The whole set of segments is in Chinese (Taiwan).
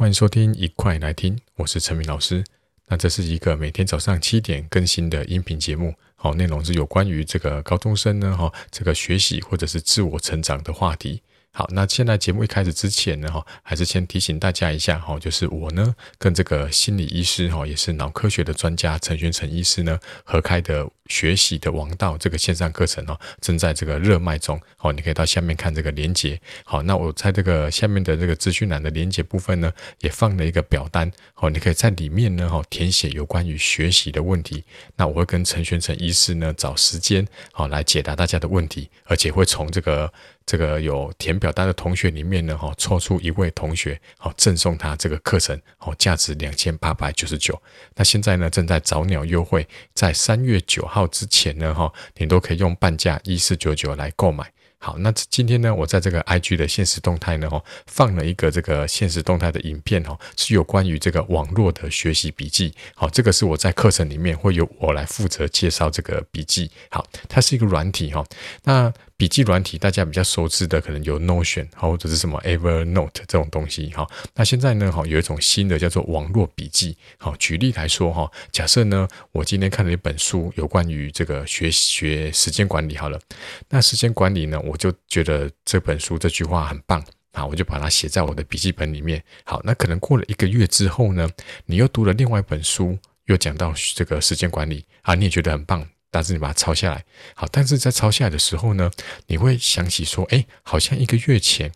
歡迎收聽，一塊來聽，我是陳明老師。那這是一個每天早上七點更新的音頻節目，好、哦，內容是有關於這個高中生呢，哈、哦，這個學習或者是自我成長的話題。好，那現在節目一開始之前呢，哈，還是先提醒大家一下哈，就是我呢跟這個心理醫師哈，也是腦科學的專家陳玄成醫師呢合開的“學習的王道”這個線上課程哦，正在這個熱賣中。好，你可以到下面看這個鏈接。好，那我在這個下面的這個資訊欄的鏈接部分呢，也放了一個表單。好，你可以在裡面呢，哈，填寫有關於學習的問題。那我會跟陳玄成醫師呢找時間，好來解答大家的問題，而且會從這個。這個有填表單的同學裡面呢，吼抽出一位同學，好、哦，贈送他這個課程，好、哦，價值兩千八百九十九。那現在呢，正在早鳥優惠，在三月九號之前呢，哈、哦，你都可以用半價一四九九來購買。好，那今天呢，我在這個 IG 的限時動態呢，哈、哦，放了一個這個限時動態的影片，哈、哦，是有關於這個網絡的學習筆記。好、哦，這個是我在課程裡面會由我來負責介紹這個筆記。好，它是一個軟體，哈、哦，那。筆記軟體大家比較熟知的，可能有 Notion 或者是什麼 Evernote 這種東西哈，那現在呢，有一種新的叫做網絡筆記好。舉例來說哈，假設呢，我今天看了一本書，有關於這個學學時間管理好了。那時間管理呢，我就覺得這本書這句話很棒啊，我就把它寫在我的筆記本裡面。好，那可能過了一個月之後呢，你又讀了另外一本書，又講到這個時間管理啊，你也覺得很棒。但是你把它抄下來，好，但是在抄下來的時候呢，你會想起說，哎、欸，好像一個月前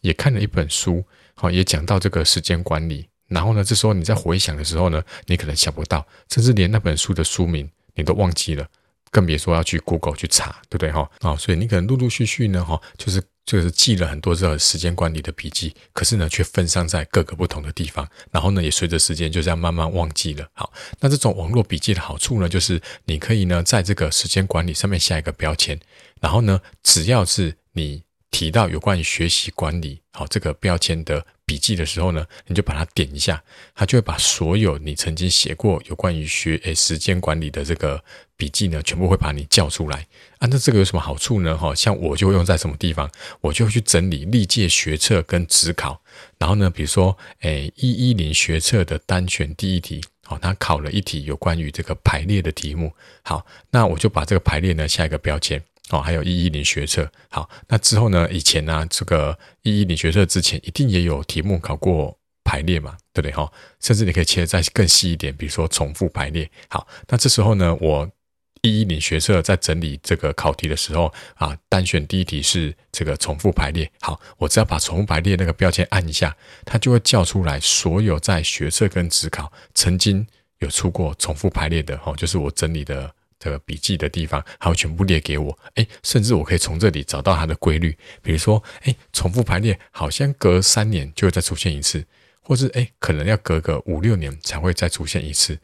也看了一本書，好，也講到這個時間管理。然後呢，這時候你在回想的時候呢，你可能想不到，甚至連那本書的書名你都忘記了，更別說要去 Google 去查，對不對哈？好，所以你可能陸陸續續呢，哈，就是。就是記了很多這個時間管理的筆記，可是呢，卻分散在各個不同的地方，然後呢，也隨着時間就這樣慢慢忘記了。好，那這種網絡筆記的好處呢，就是你可以呢，在這個時間管理上面下一個標籤，然後呢，只要是你。提到有關於學習管理，好，這個標籤的筆記的時候呢，你就把它點一下，它就會把所有你曾經寫過有關於學誒時間管理的這個筆記呢，全部會把你叫出來。啊，那這個有什麼好處呢？哈，像我就會用在什麼地方，我就會去整理歷屆學測跟指考。然後呢，比如說誒一一零學測的單選第一題，好，它考了一題有關於這個排列的題目。好，那我就把這個排列呢下一個標籤。哦，還有一一零學測，好，那之後呢？以前呢、啊？這個一一零學測之前，一定也有題目考過排列嘛，對不對？哈、哦，甚至你可以切得再更細一點，比如說重複排列。好，那這時候呢，我一一零學測在整理這個考題的時候啊，單選第一題是這個重複排列。好，我只要把重複排列那個標籤按一下，它就會叫出來所有在學測跟指考曾經有出過重複排列的，哈、哦，就是我整理的。這個筆記的地方，還要全部列給我。哎，甚至我可以從這裡找到它的規律，比如說，哎，重複排列，好像隔三年就會再出現一次，或是，哎，可能要隔個五六年才會再出現一次。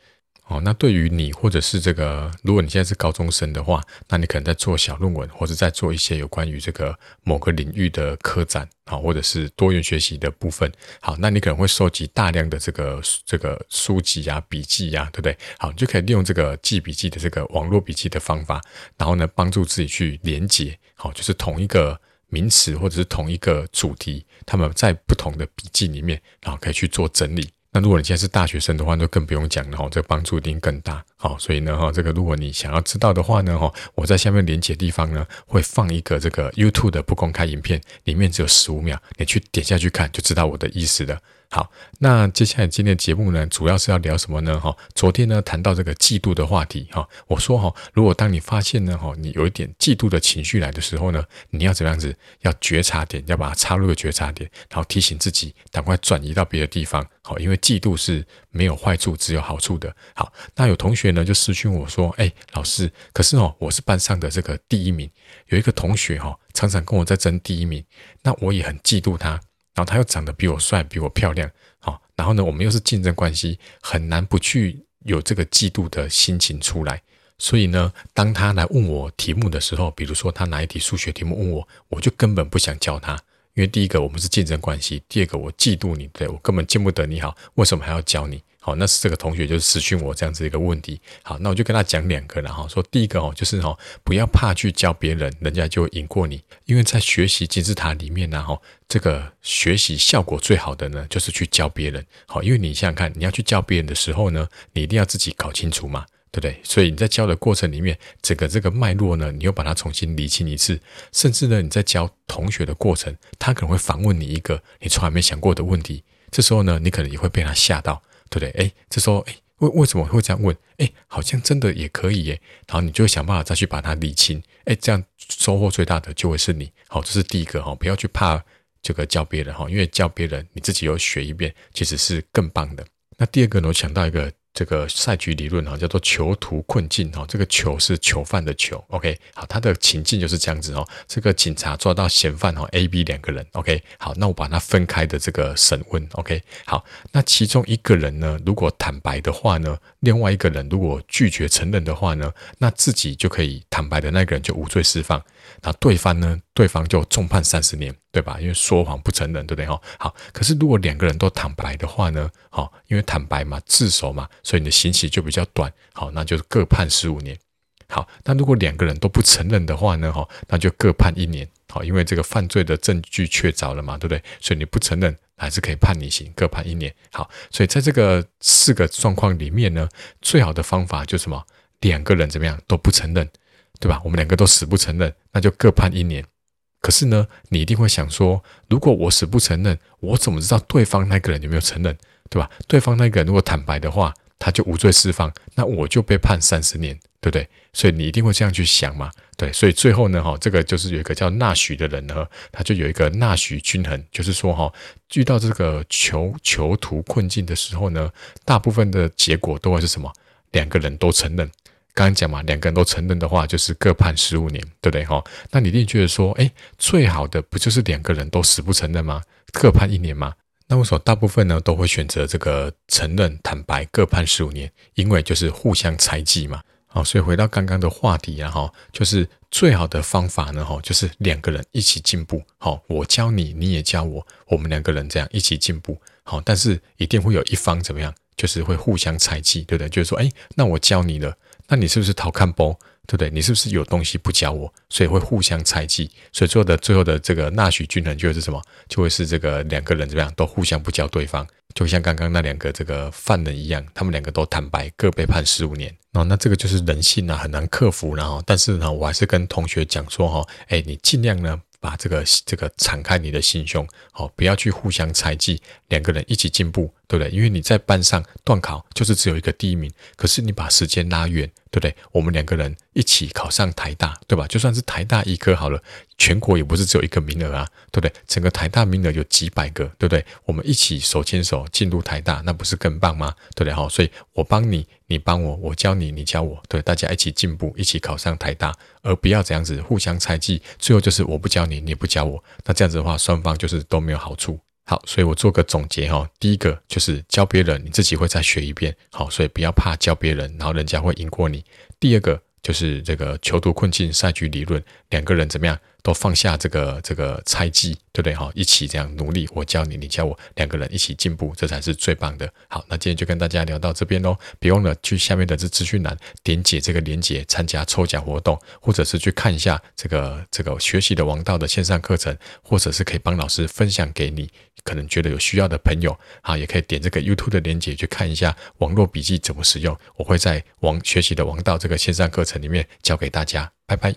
哦，那對於你或者是這個，如果你現在是高中生的話，那你可能在做小論文，或者在做一些有關於這個某個領域的科展啊，或者是多元學習的部分。好，那你可能會收集大量的這個這個書籍啊、筆記呀、啊，對不對？好，你就可以利用這個記筆記的這個網絡筆記的方法，然後呢，幫助自己去連結，好，就是同一個名詞或者是同一個主題，他們在不同的筆記裡面，然後可以去做整理。那如果你現在是大學生的話，那就更不用講了哈，這個幫助一定更大。好，所以呢哈，這個如果你想要知道的話呢哈，我在下面連接的地方呢會放一個這個 YouTube 的不公開影片，裡面只有十五秒，你去點下去看就知道我的意思了。好，那接下來今天的節目呢，主要是要聊什麼呢？哈、哦，昨天呢，談到這個嫉妒的話題，哈、哦，我說哈、哦，如果當你發現呢，哈、哦，你有一點嫉妒的情緒來的時候呢，你要怎麼樣子？要覺察點，要把它插入一個覺察點，然後提醒自己，趕快轉移到別的地方，好、哦，因為嫉妒是沒有壞處，只有好處的。好，那有同學呢，就私訊我說，哎，老師，可是哦，我是班上的這個第一名，有一個同學哈、哦，常常跟我在爭第一名，那我也很嫉妒他。然後他又長得比我帥，比我漂亮，好，然後呢，我們又是競爭關係，很難不去有這個嫉妒的心情出來。所以呢，當他來問我題目的時候，比如說他拿一題數學題目問我，我就根本不想教他，因為第一個我們是競爭關係，第二個我嫉妒你，對，我根本見不得你好，為什麼還要教你？好、哦，那是這個同學就是私訊我這樣子一個問題。好，那我就跟他講兩個，了哈，說第一個哦，就是哦，不要怕去教別人，人家就贏過你。因為在學習金字塔裡面呢，哈，這個學習效果最好的呢，就是去教別人。好、哦，因為你想想看，你要去教別人的時候呢，你一定要自己搞清楚嘛，對不對？所以你在教的過程裡面，整個這個脈絡呢，你又把它重新理清一次。甚至呢，你在教同學的過程，他可能會反問你一個你從來沒想過的問題。這時候呢，你可能也會被他嚇到。對不對？哎、欸，這時候哎、欸，為為什麼會這樣問？哎、欸，好像真的也可以耶。然後你就會想辦法再去把它理清。哎、欸，這樣收穫最大的就會是你。好，這是第一個哈、哦，不要去怕這個教別人哈、哦，因為教別人你自己又學一遍，其實是更棒的。那第二個呢，我想到一個。這個賽局理論哈，叫做囚徒困境哈。這個囚是囚犯的囚，OK。好，他的情境就是這樣子哦。這個警察抓到嫌犯哦，A、B 兩個人，OK。好，那我把他分開的這個審問，OK。好，那其中一個人呢，如果坦白的話呢，另外一個人如果拒絕承認的話呢，那自己就可以坦白的那個人就無罪釋放，那對方呢，對方就重判三十年。對吧？因為說謊不承認，對不對？好。可是如果兩個人都坦白的話呢，哦？因為坦白嘛，自首嘛，所以你的刑期就比較短。好，哦，那就是各判十五年。好，那如果兩個人都不承認的話呢？哈，哦，那就各判一年。好，哦，因為這個犯罪的證據確鑿了嘛，對不對？所以你不承認還是可以判你刑，各判一年。好，所以在這個四個狀況裡面呢，最好的方法就是什麼？兩個人怎麼樣都不承認，對吧？我們兩個都死不承認，那就各判一年。可是呢，你一定會想說，如果我死不承認，我怎麼知道對方那個人有沒有承認？對吧？對方那個人如果坦白的話，他就無罪釋放，那我就被判三十年，對不對？所以你一定會這樣去想嘛，對。所以最後呢，齁，這個就是有一個叫納許的人呢，他就有一個納許均衡，就是說齁，遇到這個囚囚徒困境的時候呢，大部分的結果都會是什麼？兩個人都承認。剛剛講嘛，兩個人都承認的話，就是各判十五年，對不對哈？那你一定覺得說，哎，最好的不就是兩個人都死不承認嗎？各判一年嗎？那為什麼大部分呢都會選擇這個承認坦白，各判十五年，因為就是互相猜忌嘛。好、哦，所以回到剛剛的話題、啊，然後就是最好的方法呢，哈、哦，就是兩個人一起進步，好、哦，我教你，你也教我，我們兩個人這樣一起進步，好、哦，但是一定會有一方怎麼樣，就是會互相猜忌，對不對？就是說，哎，那我教你了。那你是不是逃看包？對不對？你是不是有東西不教我，所以會互相猜忌，所以最後的最後的這個納許均衡，就會是什麼？就會是這個兩個人怎麼樣都互相不教對方，就像剛剛那兩個這個犯人一樣，他們兩個都坦白，各被判十五年。哦，那這個就是人性啊，很難克服。然後，但是呢，我還是跟同學講說，哈，你儘量呢。把、啊、這個這個敞開你的心胸，好，哦，不要去互相猜忌，兩個人一起進步，對不對？因為你在班上段考就是只有一個第一名，可是你把時間拉遠。對不對？我們兩個人一起考上台大，對吧？就算是台大醫科好了，全國也不是只有一個名額啊，對不對？整個台大名額有幾百個，對不對？我們一起手牽手進入台大，那不是更棒嗎？對不對？哈，所以我幫你，你幫我，我教你，你教我，對不對，大家一起進步，一起考上台大，而不要這樣子互相猜忌，最後就是我不教你，你不教我，那這樣子的話，雙方就是都沒有好處。好，所以我做個總結哈。第一個就是教別人，你自己會再學一遍。好，所以不要怕教別人，然後人家會贏過你。第二個就是這個囚徒困境賽局理論，兩個人怎麼樣？都放下這個這個猜忌，對不對哈？一起這樣努力，我教你，你教我，兩個人一起進步，這才是最棒的。好，那今天就跟大家聊到這邊咯，別忘了去下面的這資訊欄點解這個鏈接參加抽獎活動，或者是去看一下這個這個學習的王道的線上課程，或者是可以幫老師分享給你可能覺得有需要的朋友啊，也可以點這個 YouTube 的鏈接去看一下網絡筆記怎麼使用。我會在王學習的王道這個線上課程裡面教給大家。拜拜。